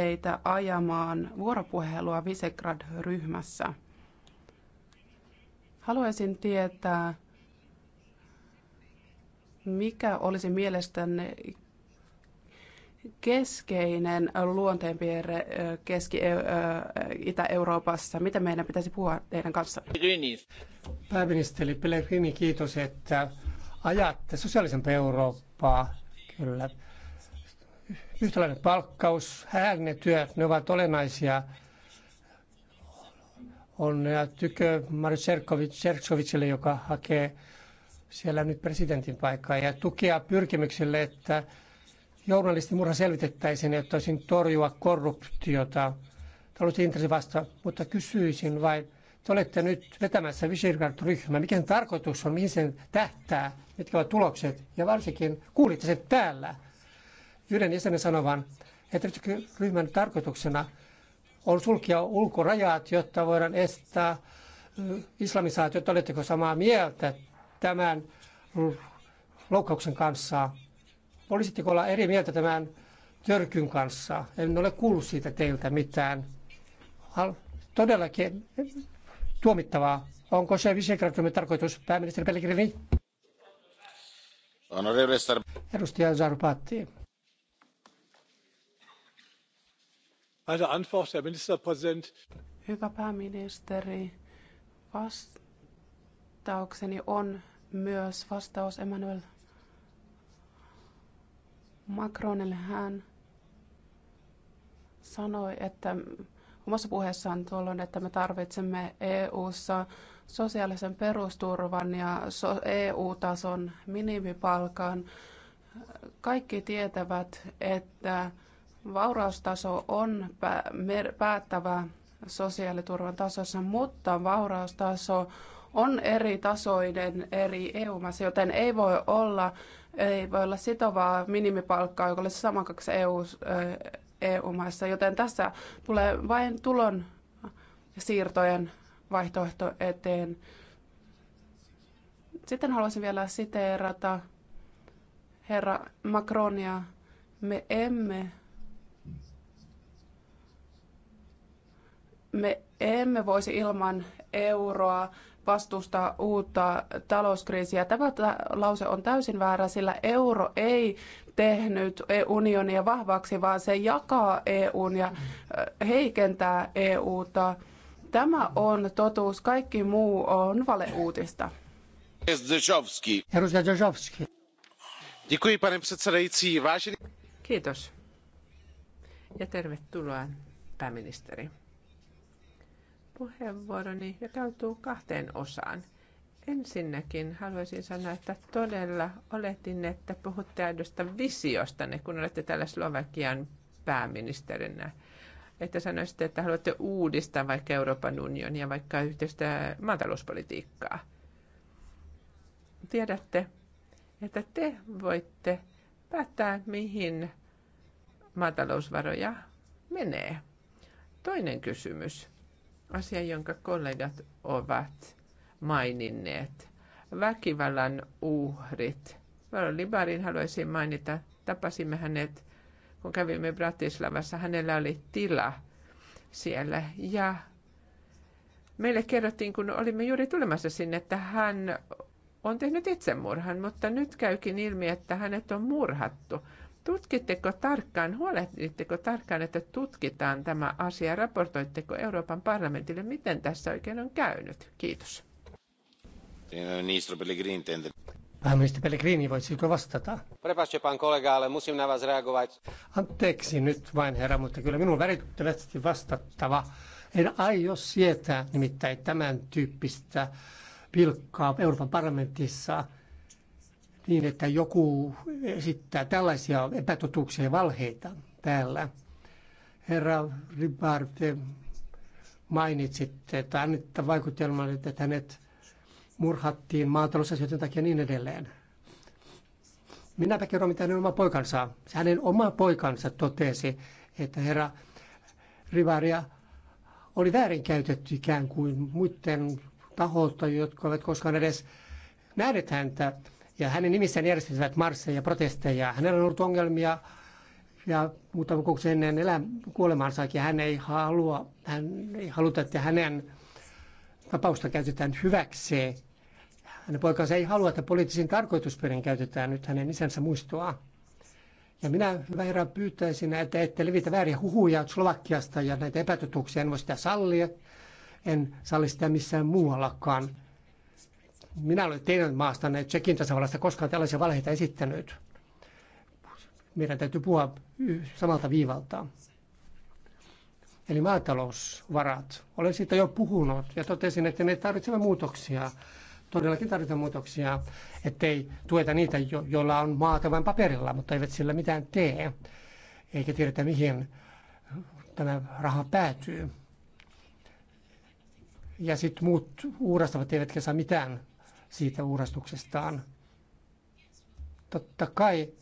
teitä ajamaan vuoropuhelua Visegrad-ryhmässä. Haluaisin tietää, mikä olisi mielestänne keskeinen luonteenpiirre Keski-Itä-Euroopassa? Mitä meidän pitäisi puhua teidän kanssa? Pääministeri Pellegrini, kiitos, että ajatte sosiaalisen Eurooppaa. Kyllä. Yhtäläinen palkkaus, työt, ne ovat olennaisia. ja tykö Marius Serkovitsille, joka hakee siellä nyt presidentin paikkaa ja tukea pyrkimyksille, että journalistimurha selvitettäisiin, että olisin torjua korruptiota. intressi vasta, mutta kysyisin vain, te olette nyt vetämässä Visegrad-ryhmää. Mikä sen tarkoitus on, mihin sen tähtää, mitkä ovat tulokset? Ja varsinkin kuulitte sen täällä yhden jäsenen sanovan, että ryhmän tarkoituksena on sulkea ulkorajat, jotta voidaan estää islamisaatiot. Oletteko samaa mieltä tämän loukkauksen kanssa? Olisitteko olla eri mieltä tämän törkyn kanssa? En ole kuullut siitä teiltä mitään. Todellakin tuomittavaa. Onko se Visegradin tarkoitus, pääministeri Pellegrini? Edustaja Zarpatti. meine Antwort, Herr Ministerpräsident. Hyvä pääministeri, vastaukseni on myös vastaus Emmanuel Macronille. Hän sanoi, että omassa puheessaan tuolloin, että me tarvitsemme EU:ssa sosiaalisen perusturvan ja EU-tason minimipalkan. Kaikki tietävät, että Vauraustaso on päättävä sosiaaliturvan tasossa, mutta vauraustaso on eri tasoinen eri EU-maissa, joten ei voi olla, ei voi olla sitovaa minimipalkkaa, joka olisi sama kaksi EU, EU-maissa, joten tässä tulee vain tulon siirtojen vaihtoehto eteen. Sitten haluaisin vielä siteerata herra Macronia. Me emme Me emme voisi ilman euroa vastustaa uutta talouskriisiä. Tämä lause on täysin väärä, sillä euro ei tehnyt unionia vahvaksi, vaan se jakaa EUn ja heikentää EUta. Tämä on totuus, kaikki muu on valeuutista. Kiitos. Ja tervetuloa, pääministeri. Puheenvuoroni jakautuu kahteen osaan. Ensinnäkin haluaisin sanoa, että todella oletin, että puhutte aidosta visiostanne, kun olette täällä Slovakian pääministerinä. Että sanoisitte, että haluatte uudistaa vaikka Euroopan unionia, vaikka yhteistä maatalouspolitiikkaa. Tiedätte, että te voitte päättää, mihin maatalousvaroja menee. Toinen kysymys asia, jonka kollegat ovat maininneet. Väkivallan uhrit. Valo Libarin haluaisin mainita. Tapasimme hänet, kun kävimme Bratislavassa. Hänellä oli tila siellä ja meille kerrottiin, kun olimme juuri tulemassa sinne, että hän on tehnyt itsemurhan, mutta nyt käykin ilmi, että hänet on murhattu. Tutkitteko tarkkaan, huolehditteko tarkkaan, että tutkitaan tämä asia, raportoitteko Euroopan parlamentille, miten tässä oikein on käynyt? Kiitos. Pääministeri Pellegrini, voisiko vastata? Anteeksi nyt vain, herra, mutta kyllä minun värittömästi vastattava. En aio sietää nimittäin tämän tyyppistä pilkkaa Euroopan parlamentissa – niin, että joku esittää tällaisia epätotuuksia ja valheita täällä. Herra te mainitsitte, että annetta vaikutelma, että hänet murhattiin maatalousasioiden takia niin edelleen. Minäpä kerron, mitä hänen oma poikansa, hänen oma poikansa totesi, että herra Rivaria oli väärinkäytetty ikään kuin muiden taholta, jotka ovat koskaan edes nähneet häntä ja hänen nimissään järjestivät marsseja, protesteja. Hänellä on ollut ongelmia ja muutama kuukausi ennen elä, kuolemaansakin hän ei halua, hän ei haluta, että hänen tapausta käytetään hyväkseen. Hänen poikansa ei halua, että poliittisiin tarkoitusperin käytetään nyt hänen isänsä muistoa. Ja minä, hyvä herra, pyytäisin, että ette levitä vääriä huhuja Slovakiasta ja näitä epätotuuksia. En voi sitä sallia. En salli sitä missään muuallakaan. Minä olen teidän maastanne Tsekin tasavallasta koskaan tällaisia valheita esittänyt. Meidän täytyy puhua samalta viivalta. Eli maatalousvarat. Olen siitä jo puhunut ja totesin, että me tarvitsemme muutoksia. Todellakin tarvitaan muutoksia, ettei tueta niitä, jo- joilla on maata vain paperilla, mutta eivät sillä mitään tee. Eikä tiedetä, mihin tämä raha päätyy ja sitten muut uurastavat eivätkä saa mitään siitä uurastuksestaan. Totta kai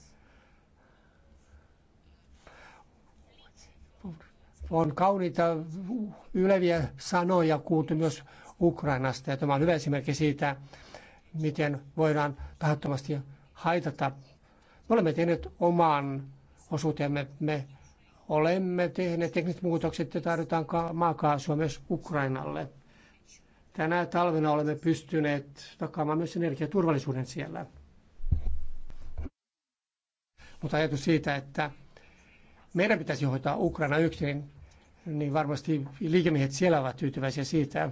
on kauniita yleviä sanoja kuultu myös Ukrainasta. Ja tämä on hyvä esimerkki siitä, miten voidaan tahattomasti haitata. Me olemme tehneet oman osuutemme. Me olemme tehneet tekniset muutokset ja tarvitaan maakaasua myös Ukrainalle. Tänä talvena olemme pystyneet takaamaan myös energiaturvallisuuden siellä. Mutta ajatus siitä, että meidän pitäisi hoitaa Ukraina yksin, niin varmasti liikemiehet siellä ovat tyytyväisiä siitä.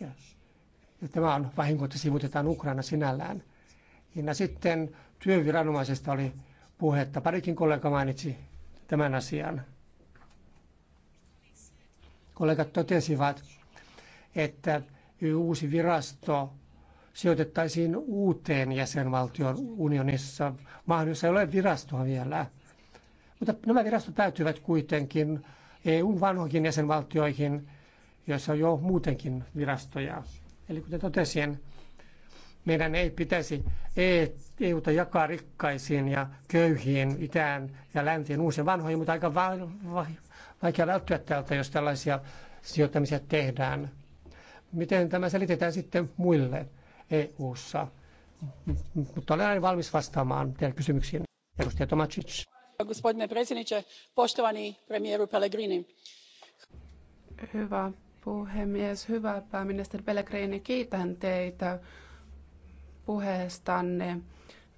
Ja, ja tämä on vahinko, että sivutetaan Ukraina sinällään. Ja sitten työviranomaisesta oli puhetta. Parikin kollega mainitsi tämän asian kollegat totesivat, että uusi virasto sijoitettaisiin uuteen jäsenvaltion unionissa. mahdollisuus ei ole virastoa vielä. Mutta nämä virastot päätyvät kuitenkin EUn vanhoihin jäsenvaltioihin, joissa on jo muutenkin virastoja. Eli kuten totesin, meidän ei pitäisi e- EUta jakaa rikkaisiin ja köyhiin, itään ja länteen, uusiin vanhoihin, mutta aika vaikea välttyä täältä, jos tällaisia sijoittamisia tehdään. Miten tämä selitetään sitten muille EU-ssa? Mutta olen aina valmis vastaamaan teidän kysymyksiin, edustaja Tomacic. Pellegrini. Hyvä puhemies, hyvä pääministeri Pellegrini, kiitän teitä puheestanne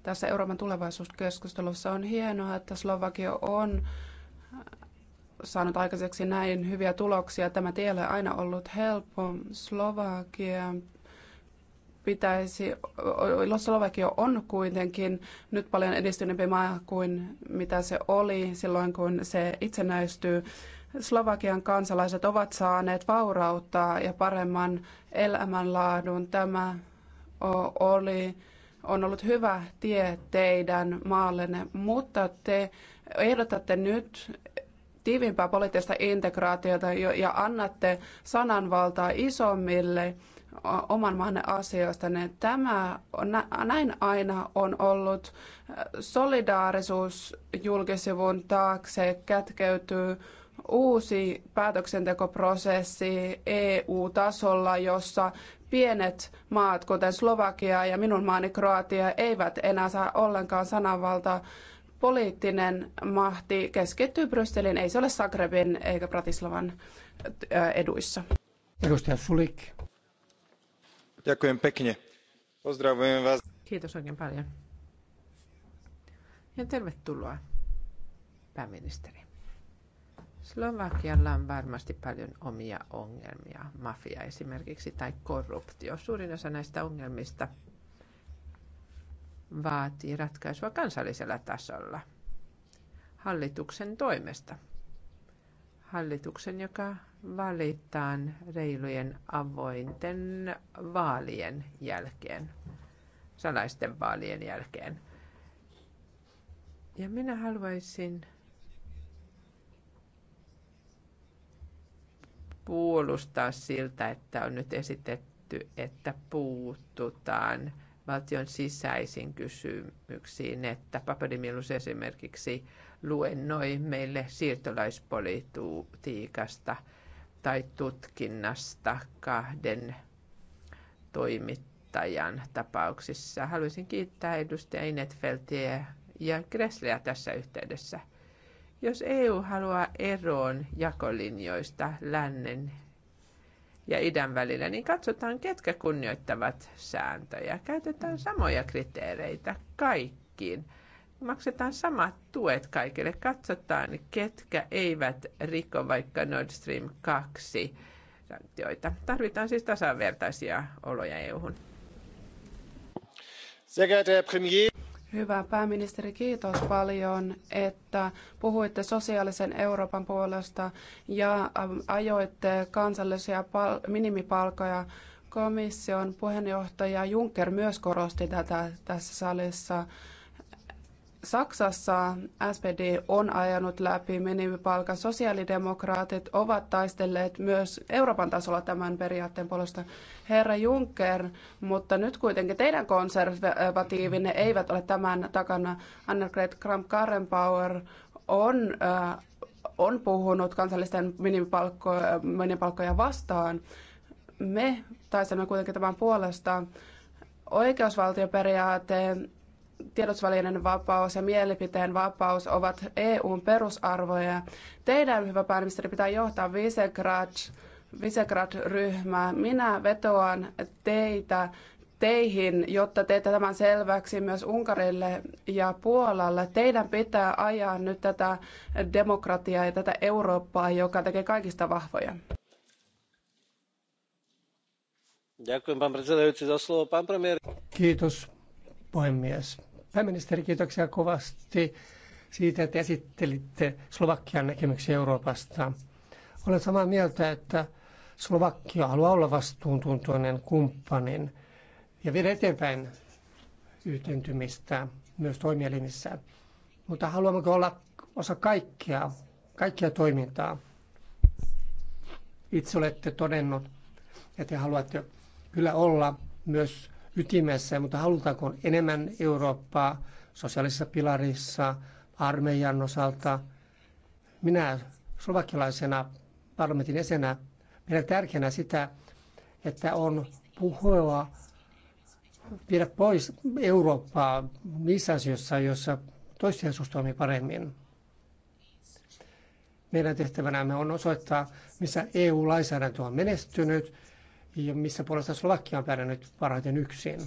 tässä Euroopan tulevaisuuskeskustelussa. On hienoa, että Slovakia on saanut aikaiseksi näin hyviä tuloksia. Tämä tie ei ole aina ollut helppo. Slovakia pitäisi, Slovakia on kuitenkin nyt paljon edistyneempi maa kuin mitä se oli silloin, kun se itsenäistyy. Slovakian kansalaiset ovat saaneet vaurautta ja paremman elämänlaadun. Tämä oli, on ollut hyvä tie teidän maallenne, mutta te ehdotatte nyt, tiivimpää poliittista integraatiota ja annatte sananvaltaa isommille oman maanne asioista, niin tämä, näin aina on ollut. Solidaarisuus julkisivun taakse kätkeytyy uusi päätöksentekoprosessi EU-tasolla, jossa pienet maat, kuten Slovakia ja minun maani Kroatia, eivät enää saa ollenkaan sananvaltaa poliittinen mahti keskittyy Brysselin, ei se ole Zagrebin eikä Bratislavan eduissa. Edustaja Sulik. Kiitos oikein paljon. Ja tervetuloa, pääministeri. Slovakialla on varmasti paljon omia ongelmia, mafia esimerkiksi tai korruptio. Suurin osa näistä ongelmista vaatii ratkaisua kansallisella tasolla hallituksen toimesta. Hallituksen, joka valitaan reilujen avointen vaalien jälkeen, salaisten vaalien jälkeen. Ja minä haluaisin puolustaa siltä, että on nyt esitetty, että puututaan – valtion sisäisiin kysymyksiin, että Papadimilus esimerkiksi luennoi meille siirtolaispolitiikasta tai tutkinnasta kahden toimittajan tapauksissa. Haluaisin kiittää edustaja Inetfeltiä ja Gressleä tässä yhteydessä. Jos EU haluaa eroon jakolinjoista lännen ja idän välillä, niin katsotaan, ketkä kunnioittavat sääntöjä. Käytetään samoja kriteereitä kaikkiin. Maksetaan samat tuet kaikille. Katsotaan, ketkä eivät riko vaikka Nord Stream 2 sanktioita. Tarvitaan siis tasavertaisia oloja EU-hun. Sehr geehrter Herr Premier, Hyvä pääministeri, kiitos paljon, että puhuitte sosiaalisen Euroopan puolesta ja ajoitte kansallisia minimipalkoja. Komission puheenjohtaja Juncker myös korosti tätä tässä salissa. Saksassa SPD on ajanut läpi minimipalkan. Sosiaalidemokraatit ovat taistelleet myös Euroopan tasolla tämän periaatteen puolesta. Herra Juncker, mutta nyt kuitenkin teidän konservatiivinne eivät ole tämän takana. Annegret Kramp-Karrenbauer on, äh, on puhunut kansallisten minimipalkko, minimipalkkoja vastaan. Me taistelemme kuitenkin tämän puolesta. Oikeusvaltioperiaate tiedotusvälineiden vapaus ja mielipiteen vapaus ovat EUn perusarvoja. Teidän, hyvä pääministeri, pitää johtaa Visegrad, Visegrad-ryhmää. Minä vetoan teitä teihin, jotta teette tämän selväksi myös Unkarille ja Puolalle. Teidän pitää ajaa nyt tätä demokratiaa ja tätä Eurooppaa, joka tekee kaikista vahvoja. Kiitos puhemies. Pääministeri, kiitoksia kovasti siitä, että esittelitte Slovakian näkemyksiä Euroopasta. Olen samaa mieltä, että Slovakia haluaa olla vastuuntuntoinen kumppanin ja viedä eteenpäin yhtentymistä myös toimielimissä. Mutta haluammeko olla osa kaikkea, kaikkea toimintaa? Itse olette todennut, että te haluatte kyllä olla myös ytimessä, mutta halutaanko enemmän Eurooppaa sosiaalisessa pilarissa, armeijan osalta. Minä slovakialaisena parlamentin esenä pidän tärkeänä sitä, että on puhua viedä pois Eurooppaa niissä asioissa, joissa toissijaisuus toimii paremmin. Meidän tehtävänämme on osoittaa, missä EU-lainsäädäntö on menestynyt ja missä puolestaan Slovakia on pärjännyt parhaiten yksin.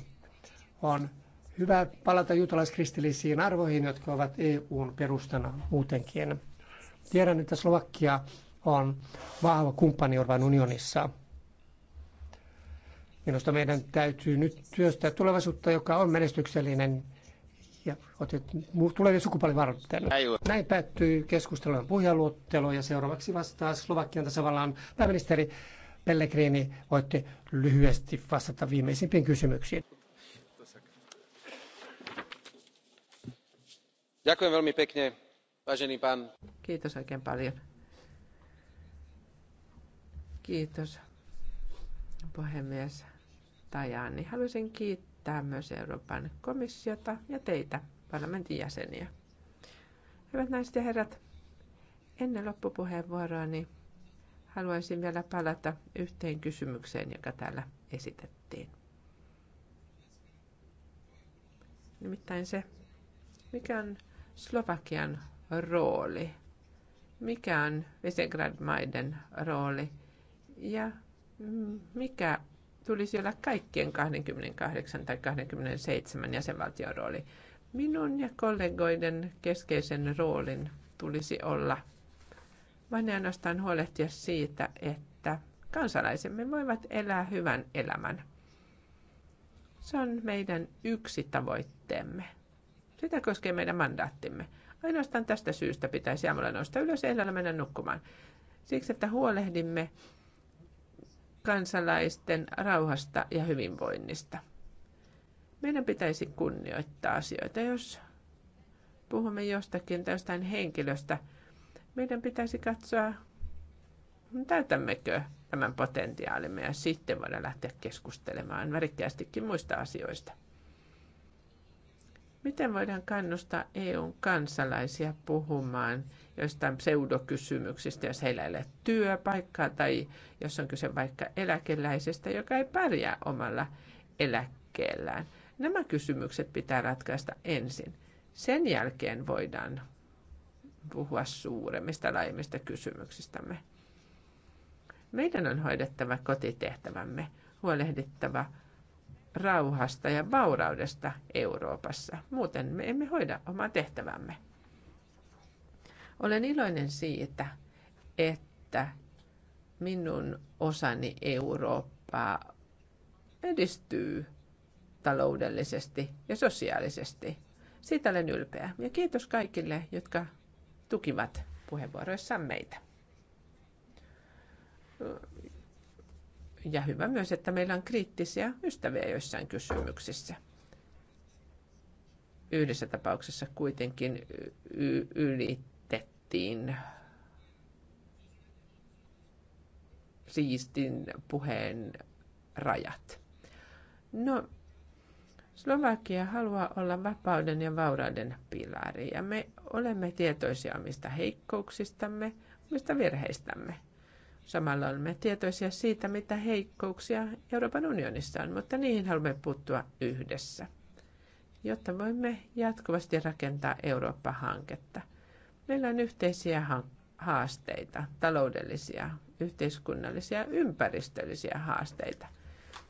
On hyvä palata juutalaiskristillisiin arvoihin, jotka ovat EUn perustana muutenkin. Tiedän, että Slovakia on vahva kumppani Orban unionissa. Minusta meidän täytyy nyt työstää tulevaisuutta, joka on menestyksellinen ja tulevien tulevia varten. Näin päättyy keskustelun puheenluottelu ja seuraavaksi vastaa Slovakian tasavallan pääministeri Pellegrini, voitte lyhyesti vastata viimeisimpiin kysymyksiin. Kiitos oikein paljon. Kiitos puhemies Tajani. Haluaisin kiittää myös Euroopan komissiota ja teitä, parlamentin jäseniä. Hyvät naiset ja herrat, ennen loppupuheenvuoroa niin haluaisin vielä palata yhteen kysymykseen, joka täällä esitettiin. Nimittäin se, mikä on Slovakian rooli, mikä on Visegrad-maiden rooli ja mikä tulisi olla kaikkien 28 tai 27 jäsenvaltion rooli. Minun ja kollegoiden keskeisen roolin tulisi olla – vaan ainoastaan huolehtia siitä, että kansalaisemme voivat elää hyvän elämän. Se on meidän yksi tavoitteemme. Sitä koskee meidän mandaattimme. Ainoastaan tästä syystä pitäisi aamulla nousta ylös ja ehdolla mennä nukkumaan. Siksi, että huolehdimme kansalaisten rauhasta ja hyvinvoinnista. Meidän pitäisi kunnioittaa asioita, jos puhumme jostakin tai jostain henkilöstä – meidän pitäisi katsoa, täytämmekö tämän potentiaalimme ja sitten voidaan lähteä keskustelemaan värikkäästikin muista asioista. Miten voidaan kannustaa EUn kansalaisia puhumaan joistain pseudokysymyksistä, jos heillä ei ole työpaikkaa tai jos on kyse vaikka eläkeläisestä, joka ei pärjää omalla eläkkeellään? Nämä kysymykset pitää ratkaista ensin. Sen jälkeen voidaan puhua suuremmista laajemmista kysymyksistämme. Meidän on hoidettava kotitehtävämme, huolehdittava rauhasta ja vauraudesta Euroopassa. Muuten me emme hoida omaa tehtävämme. Olen iloinen siitä, että minun osani Eurooppaa edistyy taloudellisesti ja sosiaalisesti. Siitä olen ylpeä. Ja kiitos kaikille, jotka tukivat puheenvuoroissaan meitä. Ja hyvä myös, että meillä on kriittisiä ystäviä joissain kysymyksissä. Yhdessä tapauksessa kuitenkin ylitettiin siistin puheen rajat. No, Slovakia haluaa olla vapauden ja vaurauden pilari ja me olemme tietoisia omista heikkouksistamme, omista virheistämme. Samalla olemme tietoisia siitä, mitä heikkouksia Euroopan unionissa on, mutta niihin haluamme puuttua yhdessä, jotta voimme jatkuvasti rakentaa Eurooppa-hanketta. Meillä on yhteisiä haasteita, taloudellisia, yhteiskunnallisia ja ympäristöllisiä haasteita –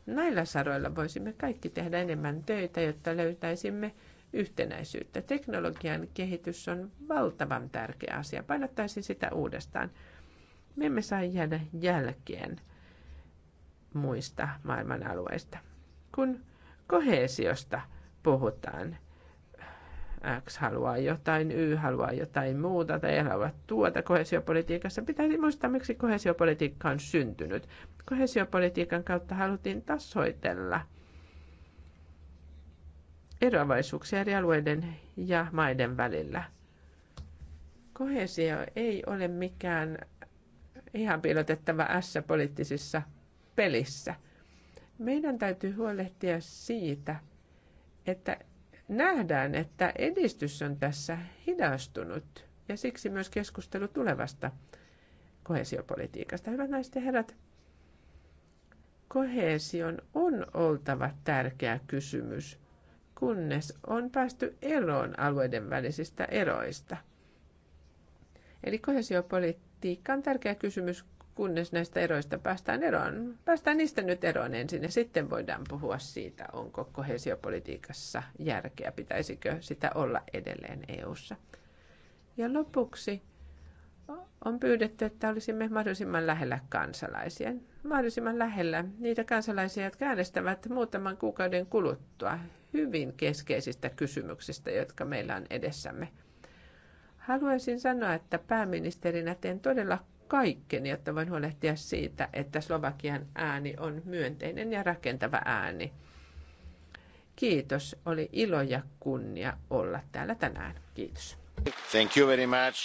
Näillä saroilla voisimme kaikki tehdä enemmän töitä, jotta löytäisimme yhtenäisyyttä. Teknologian kehitys on valtavan tärkeä asia. Painottaisin sitä uudestaan. Me emme saa jäädä jälkeen muista maailman alueista. Kun kohesiosta puhutaan, X haluaa jotain, Y haluaa jotain muuta tai haluaa tuota kohesiopolitiikassa. Pitäisi muistaa, miksi kohesiopolitiikka on syntynyt. Kohesiopolitiikan kautta haluttiin tasoitella eroavaisuuksia eri alueiden ja maiden välillä. Kohesio ei ole mikään ihan piilotettava ässä poliittisissa pelissä. Meidän täytyy huolehtia siitä, että nähdään, että edistys on tässä hidastunut ja siksi myös keskustelu tulevasta kohesiopolitiikasta. Hyvät naiset ja herrat, kohesion on oltava tärkeä kysymys, kunnes on päästy eroon alueiden välisistä eroista. Eli kohesiopolitiikka on tärkeä kysymys, kunnes näistä eroista päästään eroon. Päästään niistä nyt eroon ensin ja sitten voidaan puhua siitä, onko kohesiopolitiikassa järkeä, pitäisikö sitä olla edelleen EU:ssa. Ja lopuksi on pyydetty, että olisimme mahdollisimman lähellä kansalaisia. Mahdollisimman lähellä niitä kansalaisia, jotka äänestävät muutaman kuukauden kuluttua hyvin keskeisistä kysymyksistä, jotka meillä on edessämme. Haluaisin sanoa, että pääministerinä teen todella kaikkeni, jotta voin huolehtia siitä, että Slovakian ääni on myönteinen ja rakentava ääni. Kiitos, oli ilo ja kunnia olla täällä tänään. Kiitos. Thank you very much.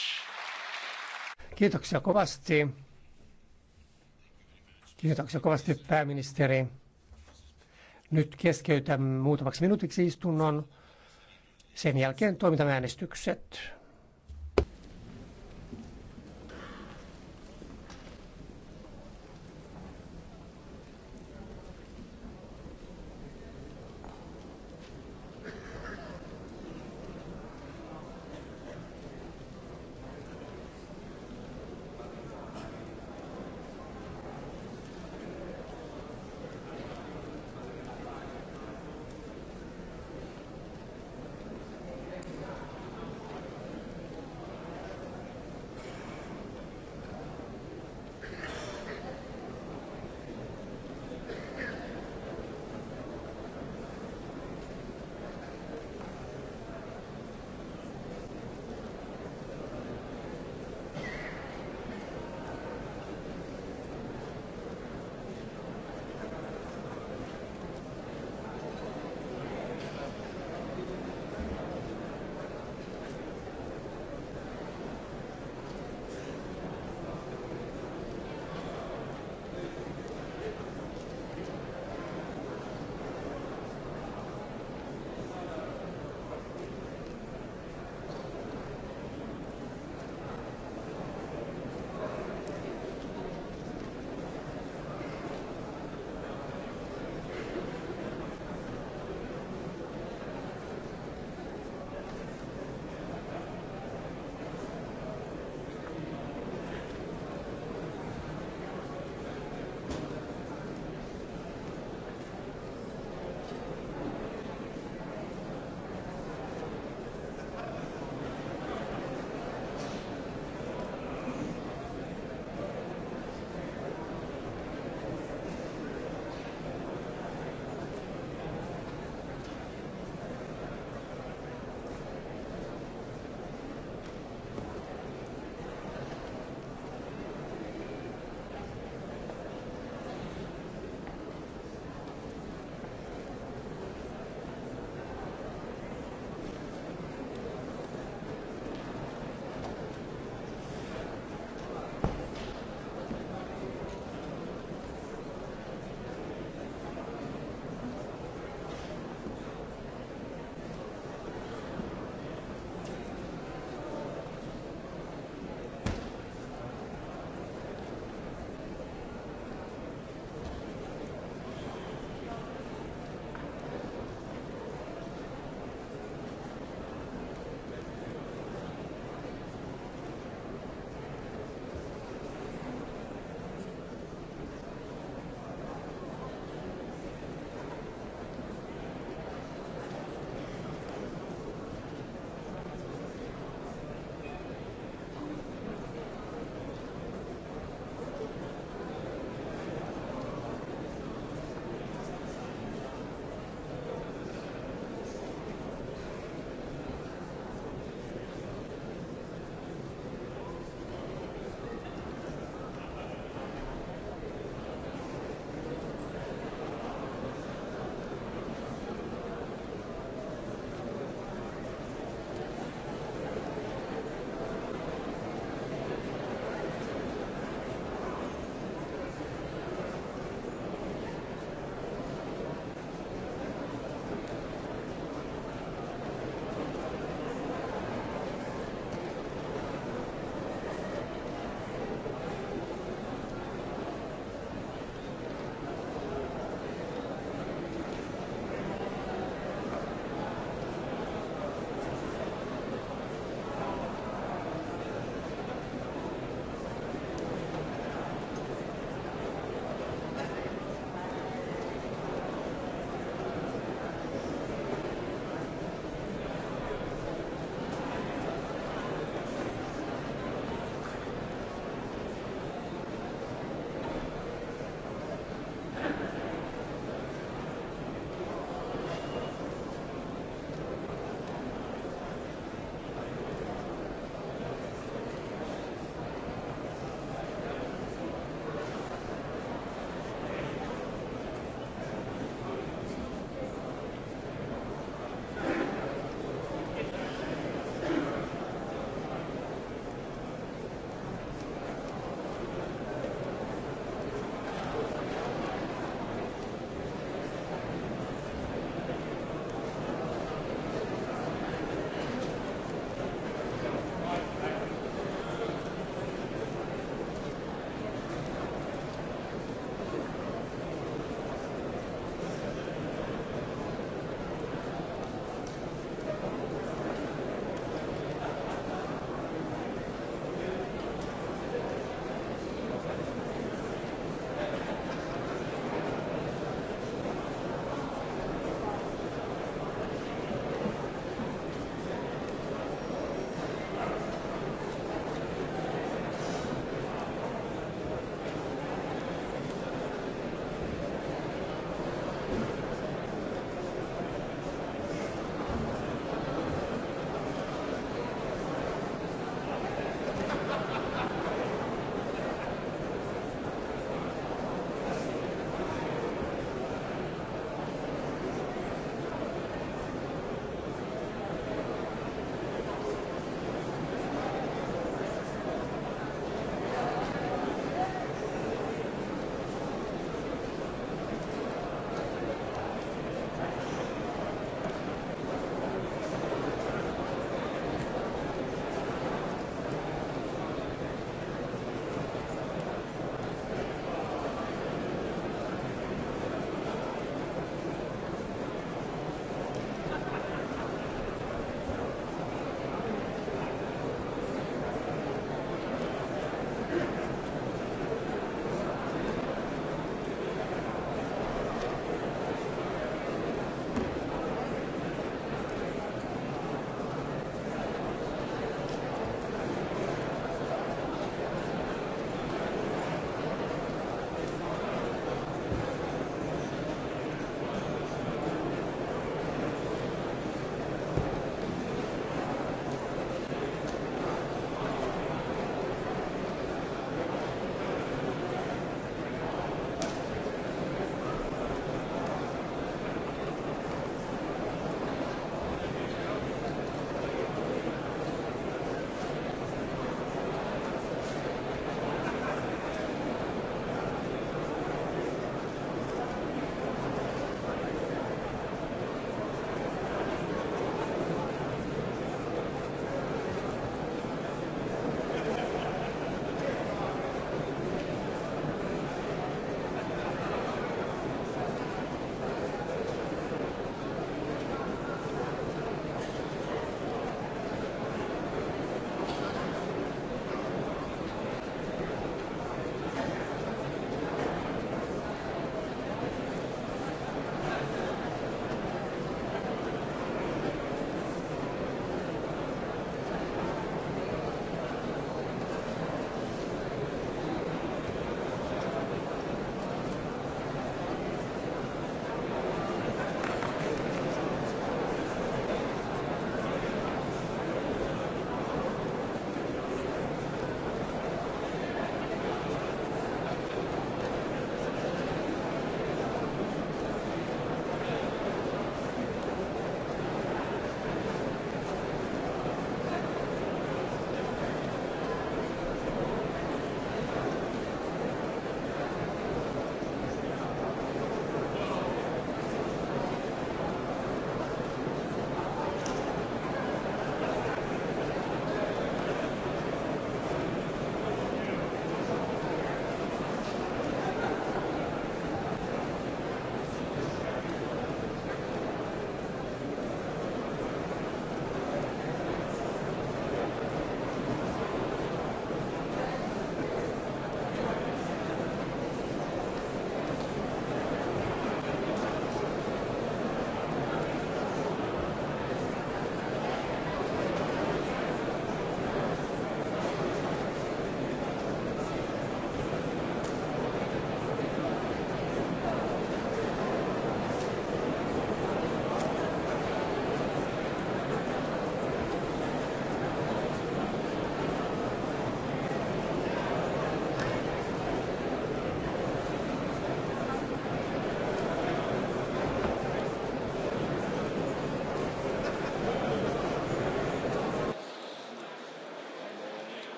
Kiitoksia kovasti. Kiitoksia kovasti pääministeri. Nyt keskeytämme muutamaksi minuutiksi istunnon. Sen jälkeen toimitamme äänestykset.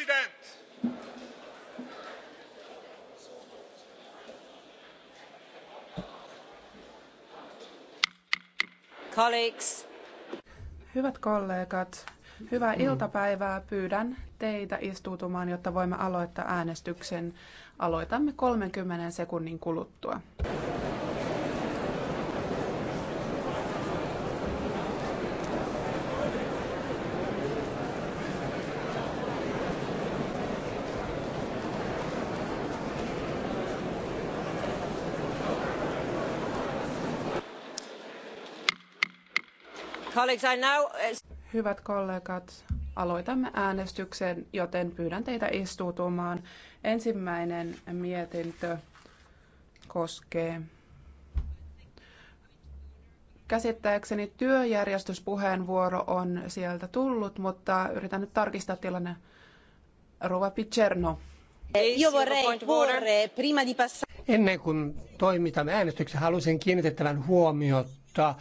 president! Colleagues. Hyvät kollegat, hyvää iltapäivää. Pyydän teitä istuutumaan, jotta voimme aloittaa äänestyksen. Aloitamme 30 sekunnin kuluttua. Uh, Hyvät kollegat, aloitamme äänestyksen, joten pyydän teitä istuutumaan. Ensimmäinen mietintö koskee käsittääkseni työjärjestyspuheenvuoro on sieltä tullut, mutta yritän nyt tarkistaa tilanne. Rova Picerno. Ennen kuin toimitamme äänestyksen, halusin kiinnitettävän huomiota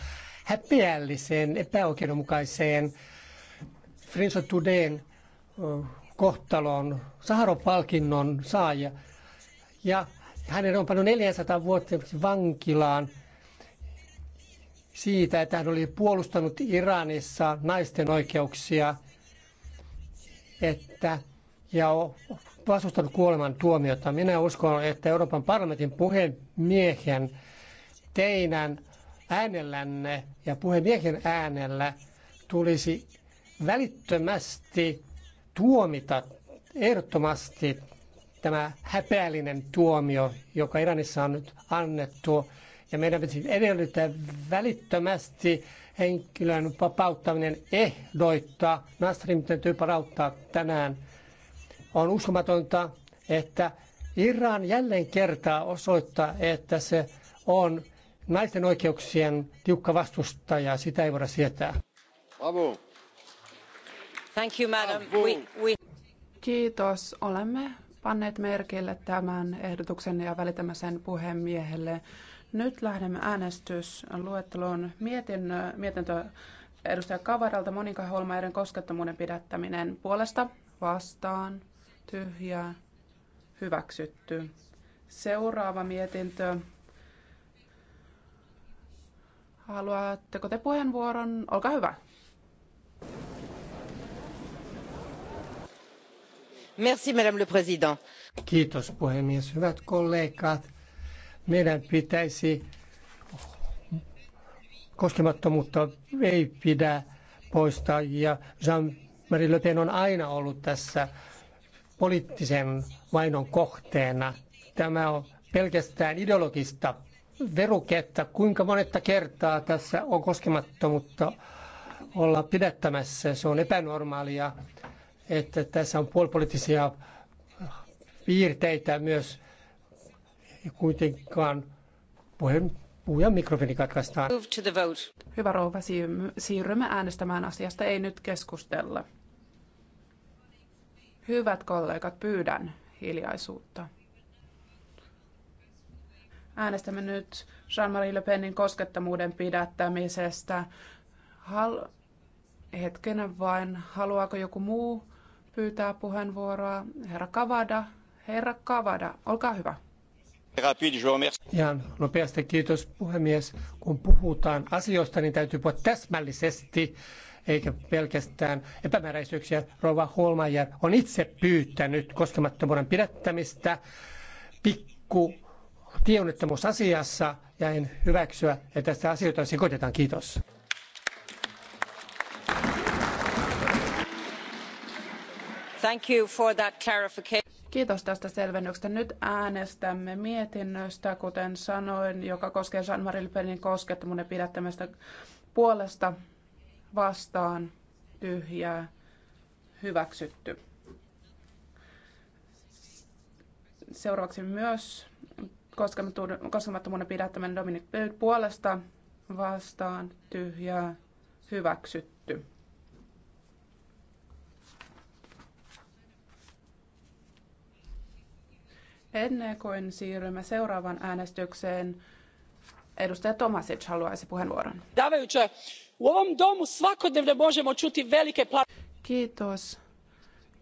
häpeälliseen, epäoikeudenmukaiseen Frinsa Tudein kohtaloon, Saharopalkinnon saaja. Ja hänen on pannut 400 vuotta vankilaan siitä, että hän oli puolustanut Iranissa naisten oikeuksia että, ja vastustanut kuoleman tuomiota. Minä uskon, että Euroopan parlamentin puhemiehen teidän äänellänne ja puhemiehen äänellä tulisi välittömästi tuomita ehdottomasti tämä häpeällinen tuomio, joka Iranissa on nyt annettu. Ja meidän pitäisi edellyttää välittömästi henkilön vapauttaminen ehdoitta. Nasrin täytyy palauttaa tänään. On uskomatonta, että Iran jälleen kertaa osoittaa, että se on naisten oikeuksien tiukka vastustaja, sitä ei voida sietää. Bravo. Thank you, madam. We, we... Kiitos. Olemme panneet merkille tämän ehdotuksen ja välitämme sen puhemiehelle. Nyt lähdemme äänestysluetteloon mietinnö, mietintö edustaja Kavaralta Monika Holmaiden koskettomuuden pidättäminen puolesta vastaan tyhjä hyväksytty. Seuraava mietintö Haluatteko te puheenvuoron? Olkaa hyvä. Merci, madame le président. Kiitos puhemies. Hyvät kollegat, meidän pitäisi koskemattomuutta ei pidä poistaa ja Jean-Marie Le Pen on aina ollut tässä poliittisen vainon kohteena. Tämä on pelkästään ideologista verukettä, kuinka monetta kertaa tässä on koskemattomuutta olla pidättämässä. Se on epänormaalia, että tässä on puolipoliittisia piirteitä myös. Kuitenkaan puheen puhujan mikrofoni katkaistaan. Hyvä rouva, siirrymme äänestämään asiasta, ei nyt keskustella. Hyvät kollegat, pyydän hiljaisuutta. Äänestämme nyt Jean-Marie Le Penin koskettomuuden pidättämisestä. Hal- hetkenen vain, haluaako joku muu pyytää puheenvuoroa? Herra Kavada, herra Kavada, olkaa hyvä. Ihan nopeasti kiitos puhemies. Kun puhutaan asioista, niin täytyy puhua täsmällisesti eikä pelkästään epämääräisyyksiä. Rova Holmajer on itse pyytänyt koskemattomuuden pidättämistä pikku tieonnettomuusasiassa ja en hyväksyä, että tästä asioita sekoitetaan. Kiitos. Thank you for that clarification. Kiitos tästä selvennyksestä. Nyt äänestämme mietinnöstä, kuten sanoin, joka koskee Jean-Marie Le Penin koskettomuuden pidättämistä puolesta vastaan tyhjää hyväksytty. Seuraavaksi myös koskemattomuuden pidättäminen Dominic Byrd puolesta vastaan tyhjää hyväksytty. Ennen kuin siirrymme seuraavaan äänestykseen, edustaja Tomasic haluaisi puheenvuoron. Kiitos.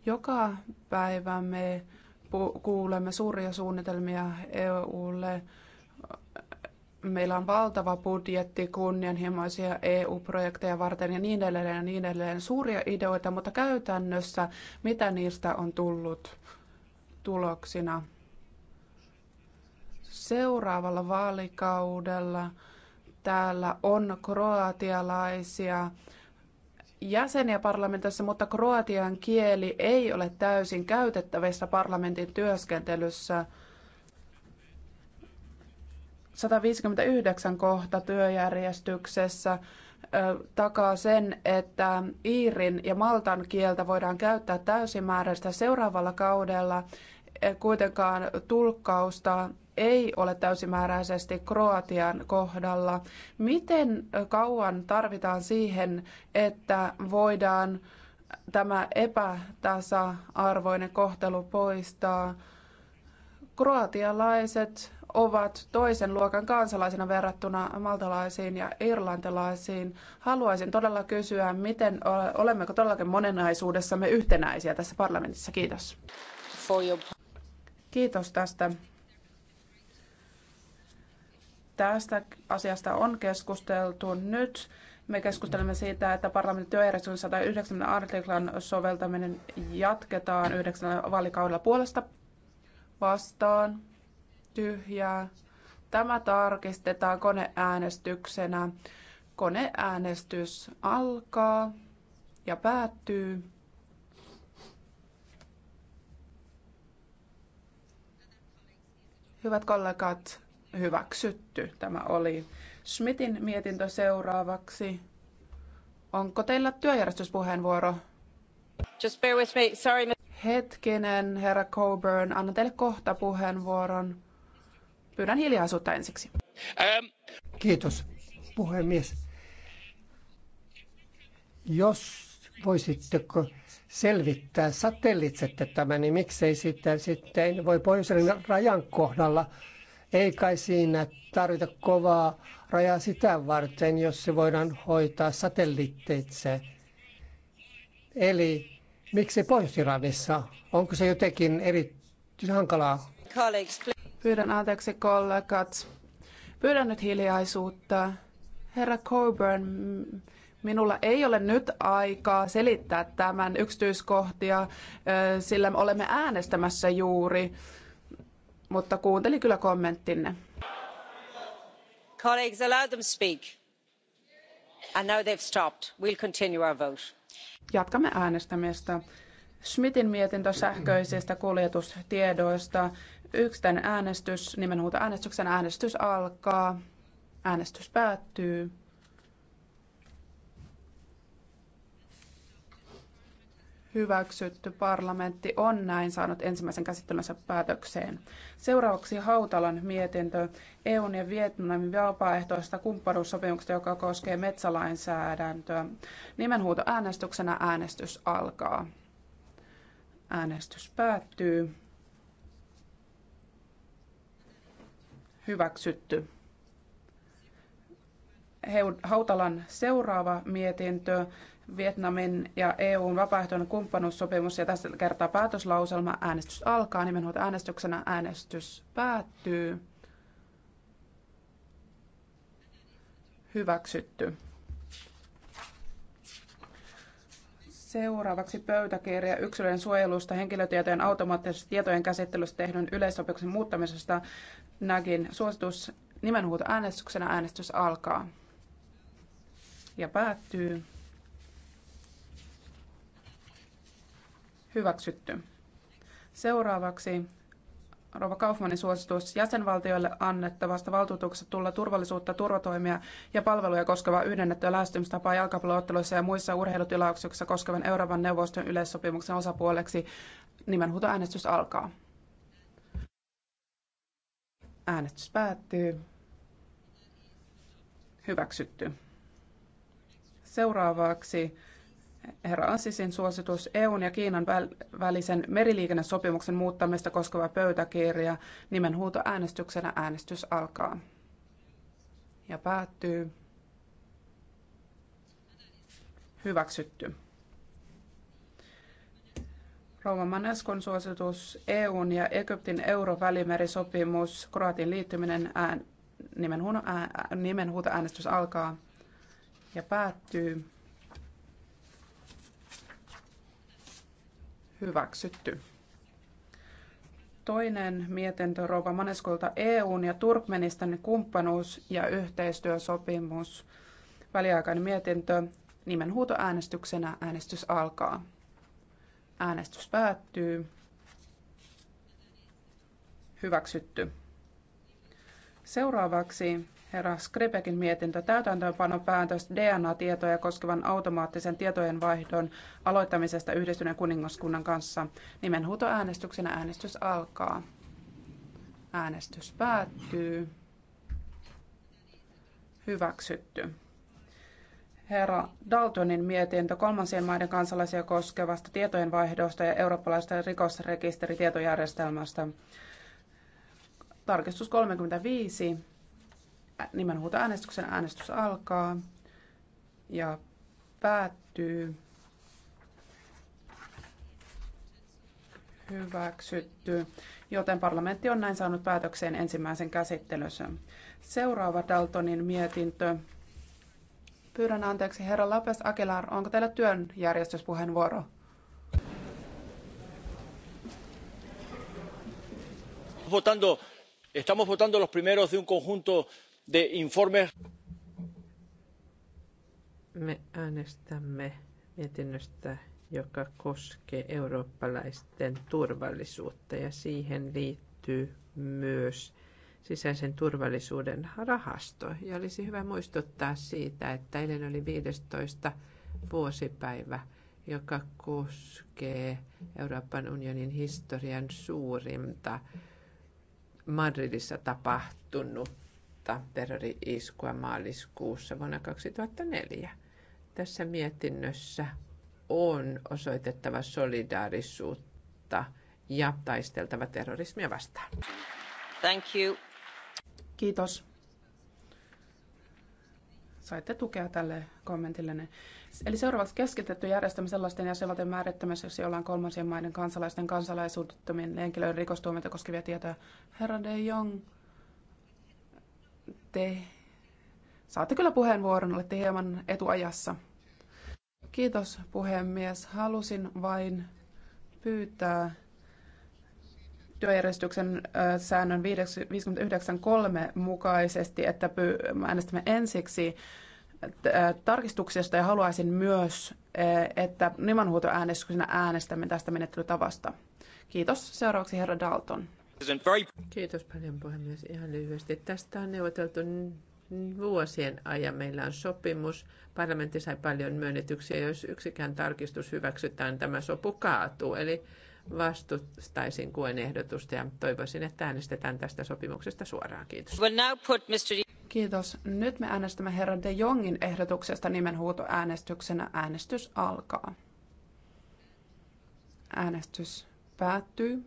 Joka päivä me kuulemme suuria suunnitelmia EUlle. Meillä on valtava budjetti kunnianhimoisia EU-projekteja varten ja niin edelleen ja niin edelleen. Suuria ideoita, mutta käytännössä mitä niistä on tullut tuloksina? Seuraavalla vaalikaudella täällä on kroatialaisia jäseniä parlamentissa, mutta kroatian kieli ei ole täysin käytettävissä parlamentin työskentelyssä. 159 kohta työjärjestyksessä takaa sen, että Iirin ja Maltan kieltä voidaan käyttää täysimääräistä seuraavalla kaudella. Kuitenkaan tulkkausta ei ole täysimääräisesti Kroatian kohdalla. Miten kauan tarvitaan siihen, että voidaan tämä epätasa-arvoinen kohtelu poistaa? Kroatialaiset ovat toisen luokan kansalaisina verrattuna maltalaisiin ja irlantilaisiin. Haluaisin todella kysyä, miten olemmeko todellakin monenaisuudessamme yhtenäisiä tässä parlamentissa. Kiitos. Kiitos tästä Tästä asiasta on keskusteltu nyt. Me keskustelemme siitä, että parlamentin työjärjestyksen 109 artiklan soveltaminen jatketaan yhdeksällä vaalikaudella puolesta vastaan tyhjää. Tämä tarkistetaan koneäänestyksenä. Koneäänestys alkaa ja päättyy. Hyvät kollegat, hyväksytty. Tämä oli Schmidtin mietintö seuraavaksi. Onko teillä työjärjestyspuheenvuoro? Just bear with me. Sorry. Hetkinen, herra Coburn, annan teille kohta puheenvuoron. Pyydän hiljaisuutta ensiksi. Um. Kiitos, puhemies. Jos voisitteko selvittää, satelliitsette tämä, niin miksei sitä sitten voi pohjoisen rajan kohdalla ei kai siinä tarvita kovaa rajaa sitä varten, jos se voidaan hoitaa satelliitteitse. Eli miksi Pohjois-Iranissa? Onko se jotenkin erityisen hankalaa? Pyydän anteeksi kollegat. Pyydän nyt hiljaisuutta. Herra Coburn, Minulla ei ole nyt aikaa selittää tämän yksityiskohtia, sillä olemme äänestämässä juuri mutta kuuntelin kyllä kommenttinne. Colleagues, allow them speak. And now they've stopped. We'll continue our vote. Jatkamme äänestämistä. Schmidtin mietintö sähköisistä kuljetustiedoista. Yksten äänestys, nimenhuuta äänestyksen äänestys alkaa. Äänestys päättyy. hyväksytty parlamentti on näin saanut ensimmäisen käsittelynsä päätökseen. Seuraavaksi Hautalan mietintö EUn ja Vietnamin vapaaehtoisesta kumppanuussopimuksesta, joka koskee metsälainsäädäntöä. Nimenhuuto äänestyksenä äänestys alkaa. Äänestys päättyy. Hyväksytty. Hautalan seuraava mietintö Vietnamin ja EUn vapaaehtoinen kumppanuussopimus ja tässä kertaa päätöslauselma. Äänestys alkaa nimenomaan äänestyksenä. Äänestys päättyy. Hyväksytty. Seuraavaksi pöytäkirja yksilöiden suojelusta, henkilötietojen automaattisesta tietojen käsittelystä tehdyn yleissopimuksen muuttamisesta. Näkin suositus nimenhuuto äänestyksenä äänestys alkaa ja päättyy. Hyväksytty. Seuraavaksi Rova Kaufmanin suositus jäsenvaltioille annettavasta valtuutuksesta tulla turvallisuutta, turvatoimia ja palveluja koskeva yhdennettyä lähestymistapa jalkapallootteluissa ja muissa urheilutilauksissa koskevan Euroopan neuvoston yleissopimuksen osapuoleksi. äänestys alkaa. Äänestys päättyy. Hyväksytty. Seuraavaksi herra Assisin suositus EUn ja Kiinan välisen meriliikennesopimuksen muuttamista koskeva pöytäkirja nimenhuuto äänestyksenä äänestys alkaa ja päättyy. Hyväksytty. Rouva Maneskon suositus EUn ja Egyptin eurovälimerisopimus, Kroatin liittyminen, ään, nimenhuuto äänestys alkaa ja päättyy. hyväksytty. Toinen mietintö Rova Maneskulta EUn ja Turkmenistanin kumppanuus- ja yhteistyösopimus. Väliaikainen mietintö nimenhuutoäänestyksenä. Äänestys alkaa. Äänestys päättyy. Hyväksytty. Seuraavaksi herra Skripekin mietintö täytäntöönpanopäätös DNA-tietoja koskevan automaattisen tietojenvaihdon aloittamisesta yhdistyneen kuningaskunnan kanssa. Nimenhuutoäänestyksenä äänestys alkaa. Äänestys päättyy. Hyväksytty. Herra Daltonin mietintö kolmansien maiden kansalaisia koskevasta tietojenvaihdosta ja eurooppalaisesta rikosrekisteritietojärjestelmästä. Tarkistus 35 nimenhuutoäänestyksen äänestys alkaa ja päättyy. Hyväksytty. Joten parlamentti on näin saanut päätökseen ensimmäisen käsittelyssä. Seuraava Daltonin mietintö. Pyydän anteeksi, herra Lapes Akelar, onko teillä työnjärjestyspuheenvuoro? Votando, estamos votando los primeros de un conjunto de informes. Me äänestämme mietinnöstä, joka koskee eurooppalaisten turvallisuutta ja siihen liittyy myös sisäisen turvallisuuden rahasto. Ja olisi hyvä muistuttaa siitä, että eilen oli 15 vuosipäivä, joka koskee Euroopan unionin historian suurinta Madridissa tapahtunutta toista terrori-iskua maaliskuussa vuonna 2004. Tässä mietinnössä on osoitettava solidaarisuutta ja taisteltava terrorismia vastaan. Thank you. Kiitos. Saitte tukea tälle kommentille. Eli seuraavaksi keskitetty järjestämme sellaisten jäsenvaltion määrittämiseksi, jolla on kolmansien maiden kansalaisten kansalaisuudettomien henkilöiden rikostuomioita koskevia tietoja. Herra de Jong, te saatte kyllä puheenvuoron, olette hieman etuajassa. Kiitos puhemies. Halusin vain pyytää työjärjestyksen säännön 59.3 mukaisesti, että äänestämme ensiksi tarkistuksesta ja haluaisin myös, että nimenhuutoäänestyksenä äänestämme tästä menettelytavasta. Kiitos. Seuraavaksi herra Dalton. Kiitos paljon puhemies. Ihan lyhyesti. Tästä on neuvoteltu vuosien ajan. Meillä on sopimus. Parlamentti sai paljon myönnytyksiä. Jos yksikään tarkistus hyväksytään, tämä sopu kaatuu. Eli vastustaisin kuen ehdotusta ja toivoisin, että äänestetään tästä sopimuksesta suoraan. Kiitos. Kiitos. Nyt me äänestämme herra De Jongin ehdotuksesta nimenhuuto äänestyksenä. Äänestys alkaa. Äänestys päättyy.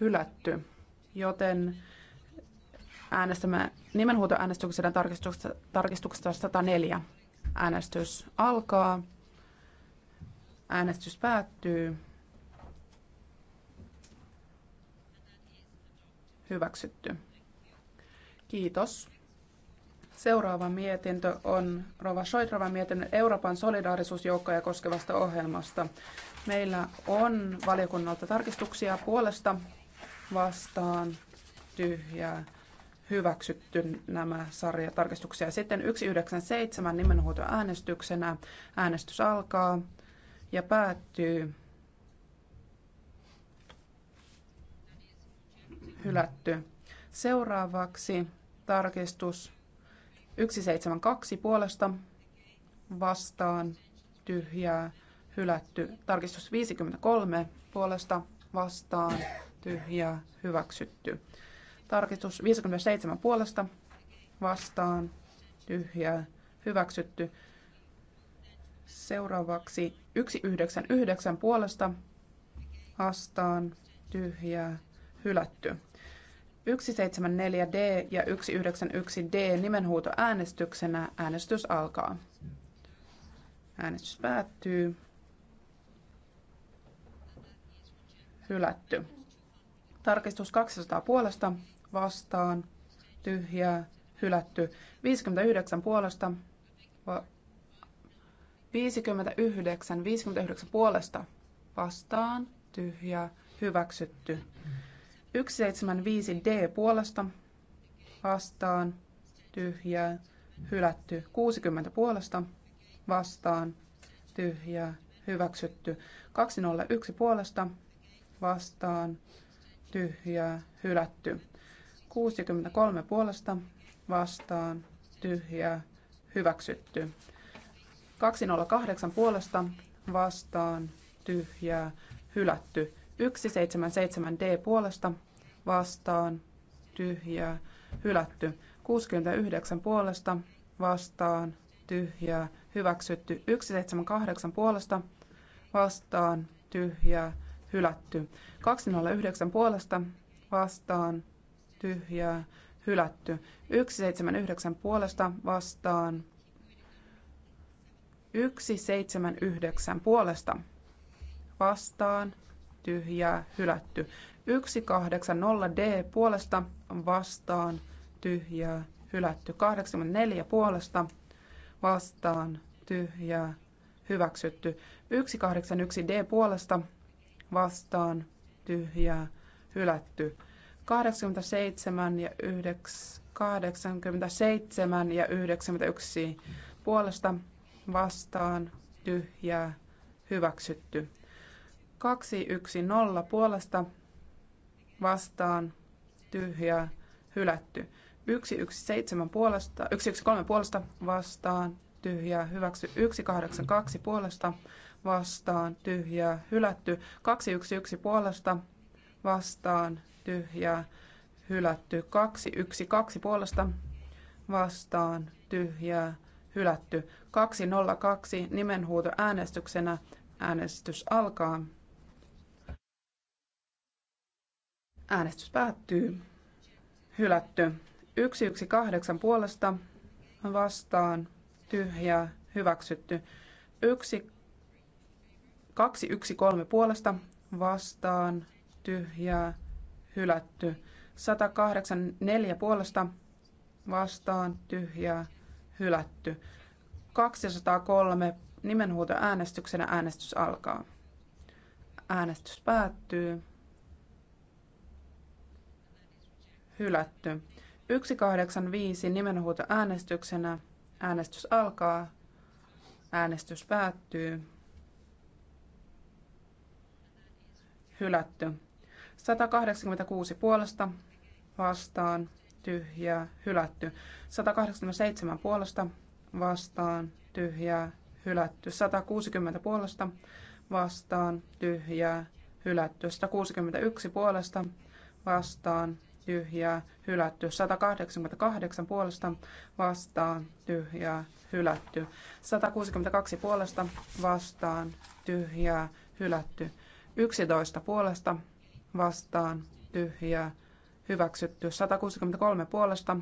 hylätty, joten äänestämme nimenhuutoäänestyksen tarkistuksesta, tarkistuksesta 104. Äänestys alkaa. Äänestys päättyy. Hyväksytty. Kiitos. Seuraava mietintö on Rova Soitrovan mietintö Euroopan solidaarisuusjoukkoja koskevasta ohjelmasta. Meillä on valiokunnalta tarkistuksia puolesta vastaan tyhjää hyväksytty nämä sarjatarkistuksia. Sitten 197 äänestyksenä. äänestys alkaa ja päättyy hylätty. Seuraavaksi tarkistus 172 puolesta vastaan tyhjää hylätty. Tarkistus 53 puolesta vastaan tyhjää hyväksytty. Tarkistus 57 puolesta vastaan tyhjää hyväksytty. Seuraavaksi 199 puolesta vastaan tyhjää hylätty. 174D ja 191D nimenhuuto äänestyksenä. Äänestys alkaa. Äänestys päättyy. Hylätty. Tarkistus 200 puolesta vastaan tyhjää hylätty. 59 puolesta 59 59 puolesta vastaan tyhjää hyväksytty. 175 D puolesta vastaan tyhjää hylätty. 60 puolesta vastaan tyhjää hyväksytty. 201 puolesta vastaan tyhjää, hylätty. 63 puolesta vastaan, tyhjää, hyväksytty. 208 puolesta vastaan, tyhjää, hylätty. 177D puolesta vastaan, tyhjää, hylätty. 69 puolesta vastaan, tyhjää, hyväksytty. 178 puolesta vastaan, tyhjää, hylätty. 209 puolesta vastaan tyhjää hylätty. 179 puolesta vastaan 179 puolesta vastaan tyhjää hylätty. 180D puolesta vastaan tyhjää hylätty. 84 puolesta vastaan tyhjää hyväksytty. 181D puolesta vastaan tyhjää hylätty. 87 ja 9, 87 ja 91 puolesta vastaan tyhjää hyväksytty. 210 puolesta vastaan tyhjää hylätty. 117 puolesta, 113 puolesta vastaan tyhjää hyväksy. 182 puolesta vastaan tyhjää hylätty. 211 puolesta vastaan tyhjää hylätty. 212 puolesta vastaan tyhjää hylätty. 202 nimenhuuto äänestyksenä. Äänestys alkaa. Äänestys päättyy. Hylätty. 118 puolesta vastaan tyhjää hyväksytty. 1 kolme puolesta vastaan tyhjää hylätty. 184 puolesta vastaan tyhjää hylätty. 203 nimenhuuto äänestyksenä äänestys alkaa. Äänestys päättyy. Hylätty. 185 nimenhuuto äänestyksenä äänestys alkaa. Äänestys päättyy. hylätty. 186 puolesta vastaan tyhjää hylätty. 187 puolesta vastaan tyhjää hylätty. 160 puolesta vastaan tyhjää hylätty. 161 puolesta vastaan tyhjää hylätty. 188 puolesta vastaan tyhjää hylätty. 162 puolesta vastaan tyhjää hylätty. 11 puolesta vastaan tyhjää hyväksytty. 163 puolesta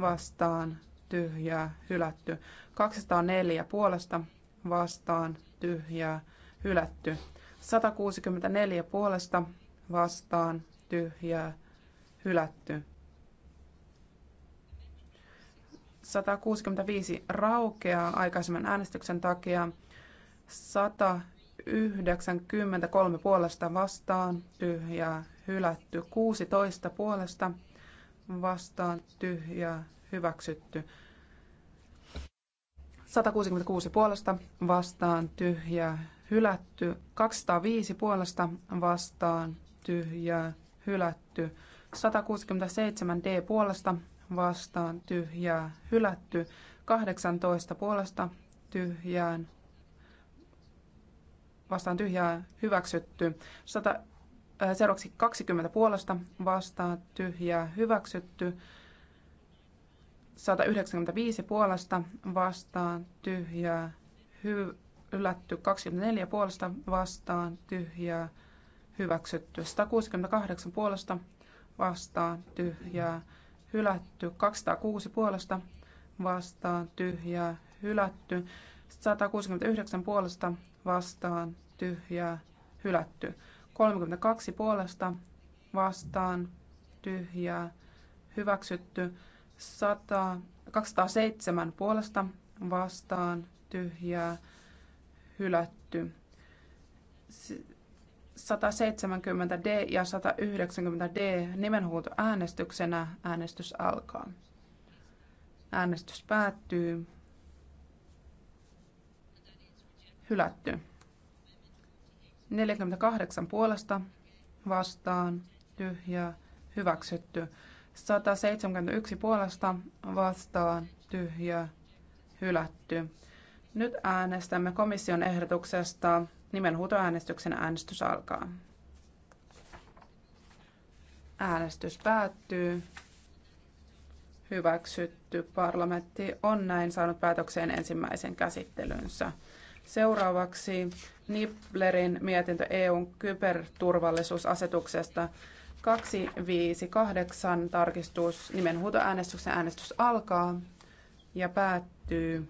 vastaan tyhjää hylätty. 204 puolesta vastaan tyhjää hylätty. 164 puolesta vastaan tyhjää hylätty. 165 raukeaa aikaisemman äänestyksen takia. 100 93 puolesta vastaan, tyhjää hylätty. 16 puolesta vastaan, tyhjää hyväksytty. 166 puolesta vastaan, tyhjää hylätty. 205 puolesta vastaan, tyhjää hylätty. 167 D puolesta vastaan, tyhjää hylätty. 18 puolesta tyhjään vastaan tyhjää hyväksytty. 100, äh, seuraavaksi 20 puolesta vastaan tyhjää hyväksytty. 195 puolesta vastaan tyhjää hy, ylätty. 24 puolesta vastaan tyhjää hyväksytty. 168 puolesta vastaan tyhjää hylätty. 206 puolesta vastaan tyhjää hylätty. 169 puolesta vastaan tyhjää hylätty. 32 puolesta vastaan tyhjää hyväksytty. 100, 207 puolesta vastaan tyhjää hylätty. 170D ja 190D nimenhuuto äänestyksenä. Äänestys alkaa. Äänestys päättyy. hylätty. 48 puolesta vastaan tyhjä hyväksytty. 171 puolesta vastaan tyhjä hylätty. Nyt äänestämme komission ehdotuksesta. Nimenhuutoäänestyksen äänestys alkaa. Äänestys päättyy. Hyväksytty parlamentti on näin saanut päätökseen ensimmäisen käsittelynsä. Seuraavaksi Niblerin mietintö EUn kyberturvallisuusasetuksesta. 258 tarkistus nimenhuutoäänestyksen äänestys alkaa ja päättyy.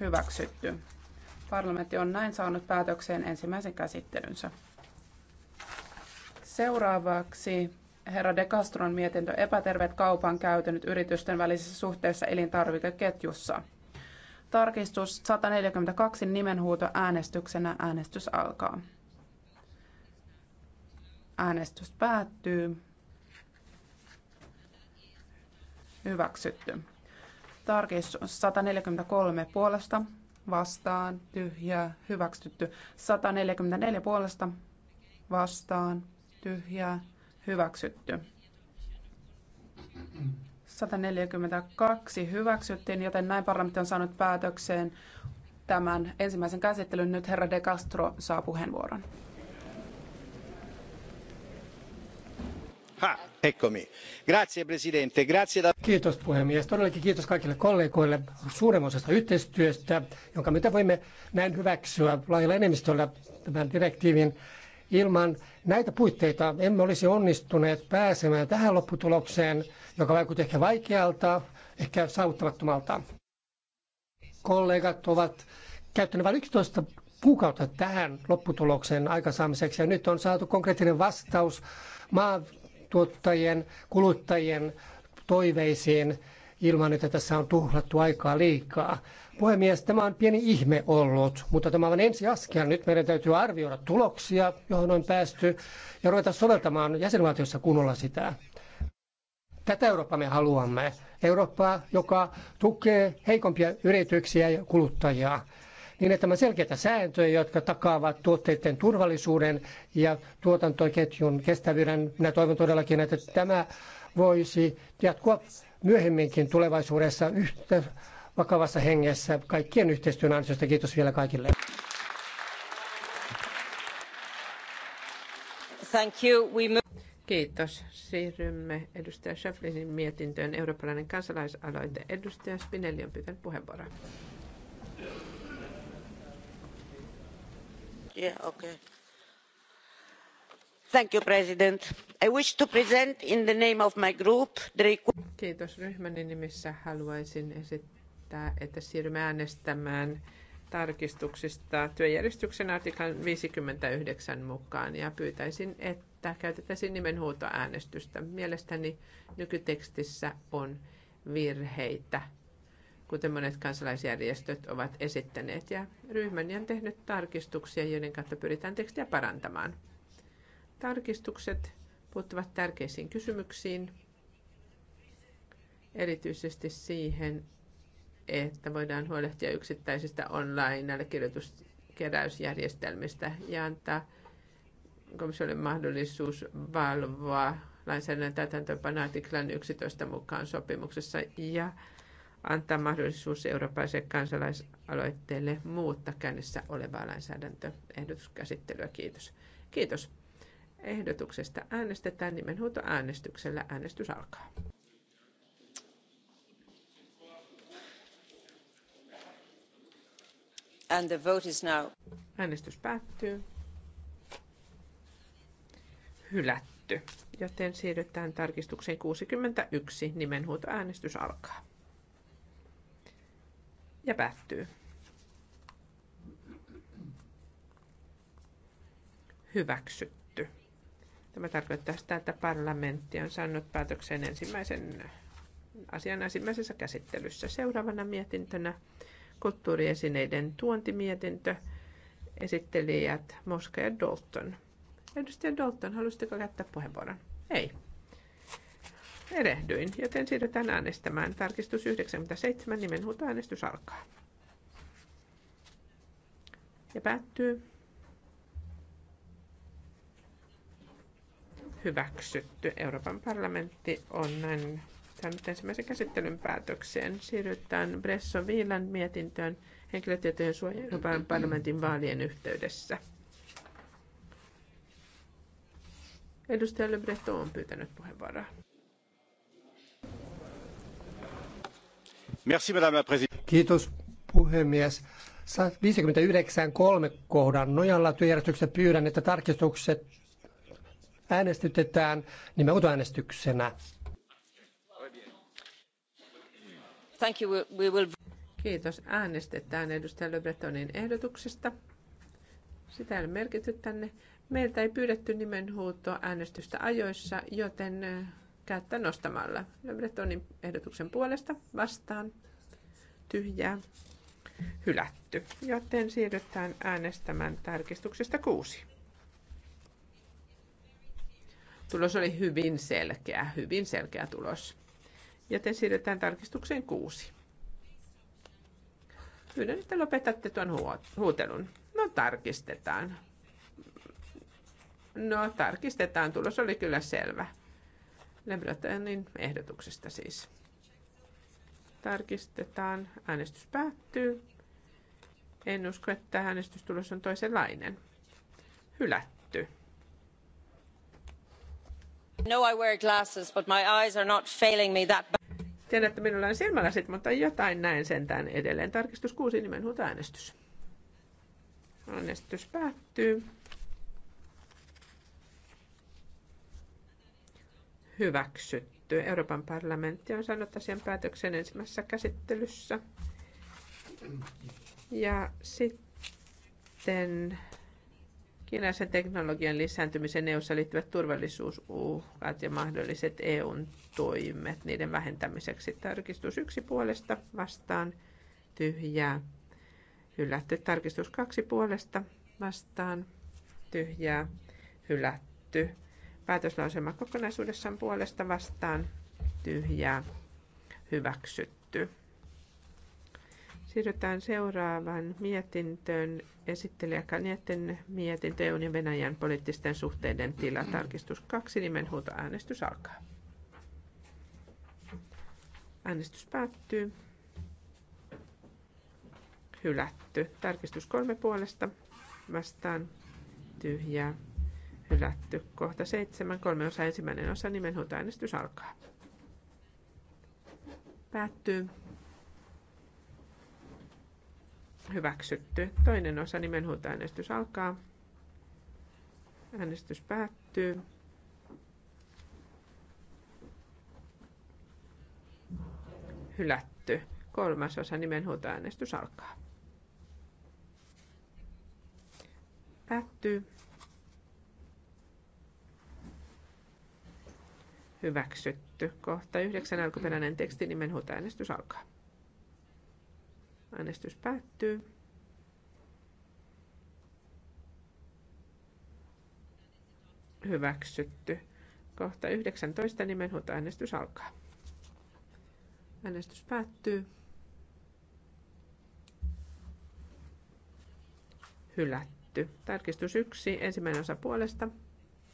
Hyväksytty. Parlamentti on näin saanut päätökseen ensimmäisen käsittelynsä. Seuraavaksi herra De Castron mietintö epäterveet kaupan käytännöt yritysten välisissä suhteissa elintarvikeketjussa. Tarkistus 142 nimenhuuto äänestyksenä. Äänestys alkaa. Äänestys päättyy. Hyväksytty. Tarkistus 143 puolesta vastaan tyhjää hyväksytty. 144 puolesta vastaan tyhjää hyväksytty. 142 hyväksyttiin, joten näin parlamentti on saanut päätökseen tämän ensimmäisen käsittelyn. Nyt herra De Castro saa puheenvuoron. Ha, eccomi. Grazie presidente, grazie da... Kiitos puhemies. Todellakin kiitos kaikille kollegoille suuremmoisesta yhteistyöstä, jonka myötä voimme näin hyväksyä laajalla enemmistöllä tämän direktiivin. Ilman näitä puitteita emme olisi onnistuneet pääsemään tähän lopputulokseen, joka vaikutti ehkä vaikealta, ehkä saavuttamattomalta. Kollegat ovat käyttäneet vain 11 kuukautta tähän lopputulokseen aikaansaamiseksi ja nyt on saatu konkreettinen vastaus maatuottajien, kuluttajien toiveisiin ilman, että tässä on tuhlattu aikaa liikaa. Puhemies, tämä on pieni ihme ollut, mutta tämä on ensi askel. Nyt meidän täytyy arvioida tuloksia, johon on päästy, ja ruveta soveltamaan jäsenvaltiossa kunnolla sitä. Tätä Eurooppaa me haluamme. Eurooppaa, joka tukee heikompia yrityksiä ja kuluttajia. Niin, että on selkeitä sääntöjä, jotka takaavat tuotteiden turvallisuuden ja tuotantoketjun kestävyyden. Minä toivon todellakin, että tämä voisi jatkua myöhemminkin tulevaisuudessa yhtä vakavassa hengessä kaikkien yhteistyön ansiosta. Kiitos vielä kaikille. Thank you. We move... Kiitos. Siirrymme edustaja Schäflinin mietintöön eurooppalainen kansalaisaloite. Edustaja Spinelli on pyytänyt puheenvuoroa. Yeah, okay. Thank you, President. I wish to present in the name of my group the Kiitos. Ryhmäni nimissä haluaisin esittää, että siirrymme äänestämään tarkistuksista työjärjestyksen artiklan 59 mukaan ja pyytäisin, että käytettäisiin nimenhuutoäänestystä. Mielestäni nykytekstissä on virheitä, kuten monet kansalaisjärjestöt ovat esittäneet, ja ryhmäni on tehnyt tarkistuksia, joiden kautta pyritään tekstiä parantamaan. Tarkistukset puuttuvat tärkeisiin kysymyksiin, erityisesti siihen, että voidaan huolehtia yksittäisistä online keräysjärjestelmistä ja antaa komissiolle mahdollisuus valvoa lainsäädännön täytäntöönpano artiklan 11 mukaan sopimuksessa ja antaa mahdollisuus eurooppalaiselle kansalaisaloitteelle muuttaa käynnissä olevaa lainsäädäntöehdotuskäsittelyä. Kiitos. Kiitos. Ehdotuksesta äänestetään nimenhuutoäänestyksellä. Äänestys alkaa. And the vote is now. Äänestys päättyy. Hylätty. Joten siirrytään tarkistukseen 61. Nimenhuutoäänestys alkaa. Ja päättyy. Hyväksytty. Tämä tarkoittaa sitä, että parlamentti on saanut päätöksen ensimmäisen asian ensimmäisessä käsittelyssä. Seuraavana mietintönä kulttuuriesineiden tuontimietintö, esittelijät Moska ja Dalton. Edustaja Dalton, haluaisitteko käyttää puheenvuoron? Ei. Erehdyin, joten siirrytään äänestämään. Tarkistus 97, äänestys alkaa. Ja päättyy. Hyväksytty. Euroopan parlamentti on näin nyt ensimmäisen käsittelyn päätökseen. Siirrytään Bresson Viilan mietintöön henkilötietojen suojelupäivän parlamentin vaalien yhteydessä. Edustaja Le Breton on pyytänyt puheenvuoroa. Merci, madame la Kiitos puhemies. 59.3 kohdan nojalla työjärjestyksessä pyydän, että tarkistukset äänestytetään äänestyksenä. Thank you. We will... Kiitos. Äänestetään edustaja Le Bretonin ehdotuksesta. Sitä ei ole merkitty tänne. Meiltä ei pyydetty nimenhuutoa äänestystä ajoissa, joten äh, käyttää nostamalla. Le Bretonin ehdotuksen puolesta vastaan tyhjää hylätty. Joten siirrytään äänestämään tarkistuksesta kuusi. Tulos oli hyvin selkeä, hyvin selkeä tulos joten siirretään tarkistukseen kuusi. Pyydän, että lopetatte tuon huutelun. No tarkistetaan. No tarkistetaan, tulos oli kyllä selvä. Lembratanin ehdotuksesta siis. Tarkistetaan, äänestys päättyy. En usko, että äänestystulos on toisenlainen. Hylätty. No, I wear glasses, but my eyes are not failing me that bad. Tiedän, että minulla on silmälasit, mutta jotain näin sentään edelleen. Tarkistus 6 nimenhuuta äänestys. Äänestys päättyy. Hyväksytty. Euroopan parlamentti on saanut asian päätöksen ensimmäisessä käsittelyssä. Ja sitten Kiinalaisen teknologian lisääntymisen eu liittyvät turvallisuusuhkat ja mahdolliset EUn toimet niiden vähentämiseksi. Tarkistus yksi puolesta vastaan tyhjää. Hylätty tarkistus kaksi puolesta vastaan tyhjää. Hylätty. Päätöslausema kokonaisuudessaan puolesta vastaan tyhjää. Hyväksytty. Siirrytään seuraavaan mietintöön. Esittelijä Kanietten mietintö EUn ja Venäjän poliittisten suhteiden tila. Tarkistus 2. Nimenhuuto äänestys alkaa. Äänestys päättyy. Hylätty. Tarkistus kolme puolesta. Vastaan tyhjää. Hylätty. Kohta seitsemän. Kolme osa ensimmäinen osa. Nimenhuuto äänestys alkaa. Päättyy. Hyväksytty. Toinen osa nimenhuutoäänestys alkaa. Äänestys päättyy. Hylätty. Kolmas osa nimenhuutoäänestys alkaa. Päättyy. Hyväksytty. Kohta yhdeksän alkuperäinen teksti nimenhuutoäänestys alkaa. Äänestys päättyy. Hyväksytty. Kohta 19 nimen äänestys alkaa. Äänestys päättyy. Hylätty. Tarkistus 1. Ensimmäinen osa puolesta.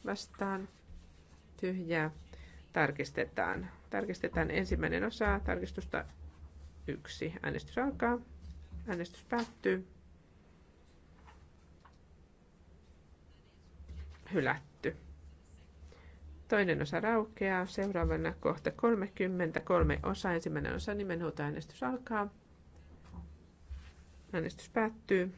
Vastaan. Tyhjää. Tarkistetaan. Tarkistetaan ensimmäinen osa tarkistusta Yksi Äänestys alkaa. Äänestys päättyy. Hylätty. Toinen osa raukeaa. Seuraavana kohta 30. Kolme osa. Ensimmäinen osa nimenhuuta. Äänestys alkaa. Äänestys päättyy.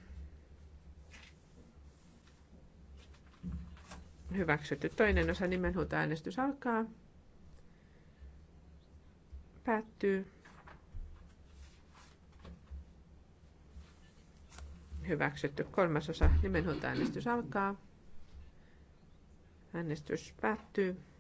Hyväksytty. Toinen osa nimenhuuta. Äänestys alkaa. Päättyy. hyväksytty. Kolmasosa nimenhuoltoäänestys alkaa. Äänestys päättyy.